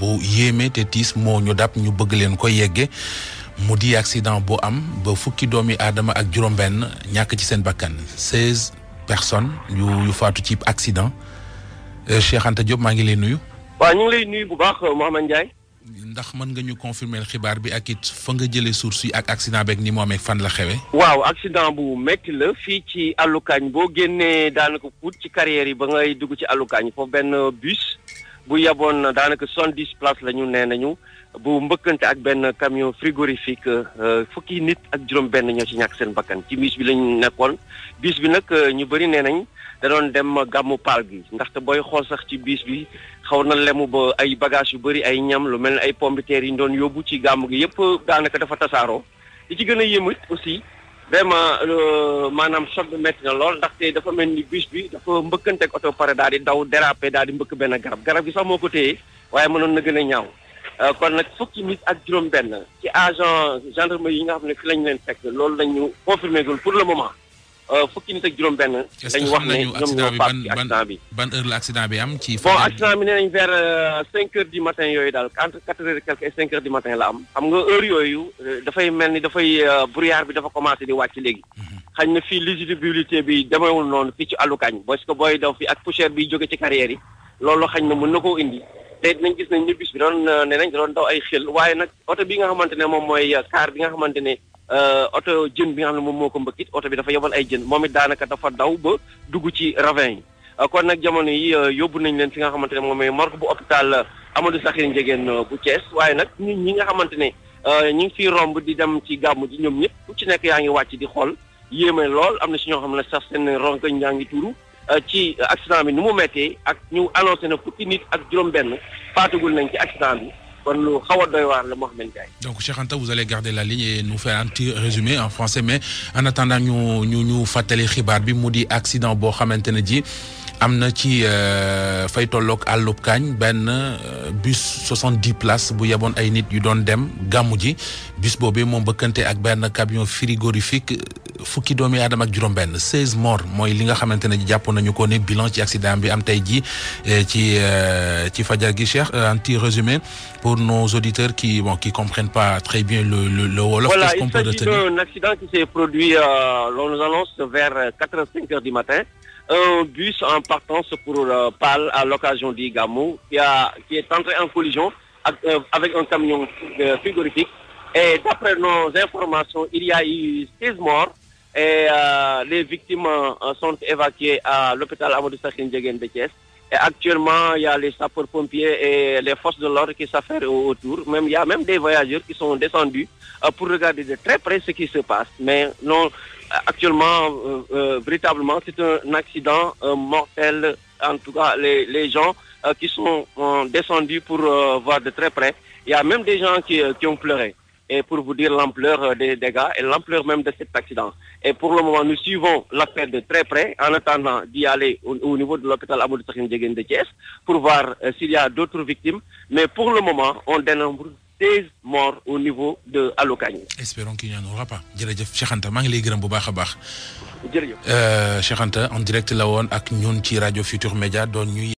bu yéeme te tiis moo ñu dab ñu bëgg leen ko yegge mu di accident bu am ba fukki doomi aadama ak juróom-benn ñàkk ci seen bakkan seize personnes yu yu faatu ci accident euh, Cheikh Anta maa ngi leen nuyu. waaw ñu ngi lay nuyu bu baax euh, Mouhamed Ndiaye. ndax mën nga ñu confirmer xibaar bi ak it fa nga jëlee source yi ak accident beeg ni mu amee fan la xewee. waaw accident bu métti la fii ci àllukaañ boo génnee daanaka puut ci carrière yi ba ngay dugg ci àllukaañ foofu benn bu yeboon daanaka soixante-dix places la ñu nee nañu bu mbëkkante ak benn camion frigorifique euh, fukki nit ak juróom-benn ñoo ci ñàkk seen bakkan ci biis bi lañu nekkoon biis bi nag euh, ñu bëri nee nañ da doon dem gàmmu paal gi ndaxte booy xool sax ci biis bi xaw na lemu ba ay bagages yu bëri ay ñam lu mel ne ay pombiteer yi ñu doon yóbbu ci gàmm gi yëpp daanaka dafa tasaaroo li ci gën a yéem aussi. vraiment euh, maanaam choc bi métti na lool ndaxte dafa mel ni bus bi dafa mbëkkanteeg oto pare daal di daw dérapé daal di mbëkk benn garab garab gi sax moo ko téye waaye mënoon na gën a ñaaw euh, kon nag fukki nit ak juróom-benn ci agent gendarmerie yi nga xam ne fi lañ leen fekk loolu lañu confirmé gul pour le moment. Euh, fukki nit ak juróom-benn. dañu wax ne ñoom ñoo faat accident bi ban heure la accident bi am ci. bon accident bi nee nañ vers euh, cinq heures du matin yooyu daal entre quatre heures et et cinq heures du matin la am. xam nga heure yooyu euh, dafay mel ni dafay brouillard bi dafa commencé di wàcc léegi. Mhm. xañ na fii l'éligibilité bi demeewul noonu fii ci àllukañ parce que booy daw fii ak poussière bi jóge ci carrière yi loolu xañ na mën na koo indi. te dinañ gis nañ ñu bis bi doon nee waaye nag oto bi nga xamante ne moom mooy car bi nga xamante ne euh auto jeune eh, bi eh, eh, nga xamne mom moko mbëkkit auto bi dafa yobal ay jeune momit danaka dafa daw ba dugg ci ravin kon nak jamono yi yobbu nañ leen fi nga xamantene mom may marque bu hôpital amadou sakhine jegen bu ties waye nak ñun ñi nga xamantene euh ñi fi romb di dem ci gam di ñom ñep ku ci nek yaangi wacc di xol yéme lool amna ci ño xamne sax sen ronk ñangi turu ci accident bi nu mu metti ak ñu annoncer na fukki nit ak juroom benn fatagul nañ ci accident bi donc cher Anta vous allez garder la ligne et nous faire un petit résumé en français mais en attendant nous nous ñu fatalé xibaar bi accident boo xamante dit. ji ci euh, faytolok à ben bus 70 places bu yeboon ay nit yu doon dem gamu ji bus bobé mon bëkkante ak ben camion frigorifique fukki doomi adam ak juróom morts Moi, li nga a bilan ci accident bi am eh, un euh, euh, petit résumé pour nos auditeurs qui bon comprennent pas très bien le le le wolof. accident qui s'est produit euh, on nous annonce vers 4h-5h du matin un bus en partance pour euh, à l'occasion du qui est entré en collision avec, un camion frigorifique et d'après nos informations il y a eu 16 morts et euh, les victimes sont évacuées à l'hôpital Amadou Sakhin de Thiès. Et actuellement, il y a les sapeurs-pompiers et les forces de l'ordre qui s'affairent autour. Même, il y a même des voyageurs qui sont descendus euh, pour regarder de très près ce qui se passe. Mais non, actuellement, euh, véritablement, c'est un accident mortel. En tout cas, les, gens qui sont descendus pour voir de très près. Il y a même des gens qui ont pleuré et pour vous dire l'ampleur euh, des dégâts et l'ampleur même de cet accident. Et pour le moment, nous suivons l'affaire de très près en attendant d'y aller au, niveau de l'hôpital Amadou Sakhin de Thiès pour voir euh, s'il y a d'autres victimes. Mais pour le moment, on dénombre 16 morts au niveau de Alokani. Espérons qu'il n'y en aura pas. en direct Futur Média